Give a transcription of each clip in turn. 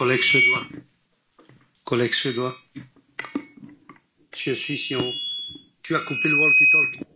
Collègue suédois. Collègue suédois. Je suis si on Tu as coupé le walkie-talkie.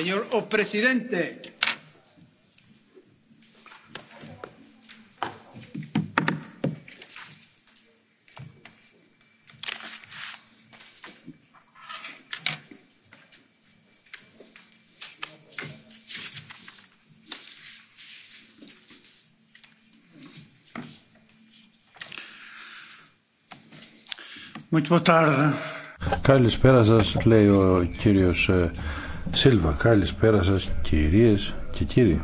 Señor o presidente. Καλησπέρα σας, λέει ο κύριος ε, Σίλβα, καλησπέρα σας κυρίες και κύριοι.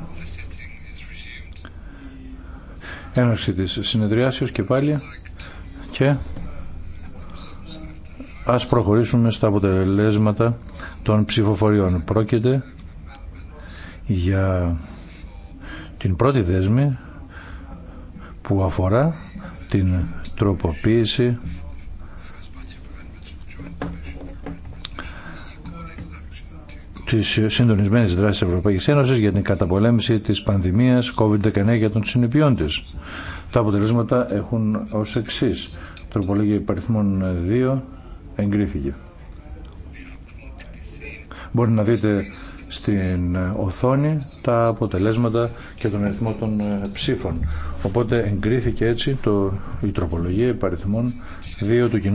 Έναρξη της συνεδριάσεως και πάλι και ας προχωρήσουμε στα αποτελέσματα των ψηφοφοριών. Πρόκειται για την πρώτη δέσμη που αφορά την τροποποίηση τη συντονισμένη δράση τη Ευρωπαϊκή Ένωση για την καταπολέμηση τη πανδημία COVID-19 για τον συνεπειών τη. Τα αποτελέσματα έχουν ω εξή. Τροπολογία υπαριθμών 2 εγκρίθηκε. Μπορεί να δείτε στην οθόνη τα αποτελέσματα και τον αριθμό των ε, ψήφων. Οπότε εγκρίθηκε έτσι το, η τροπολογία υπαριθμών 2 του κοινού.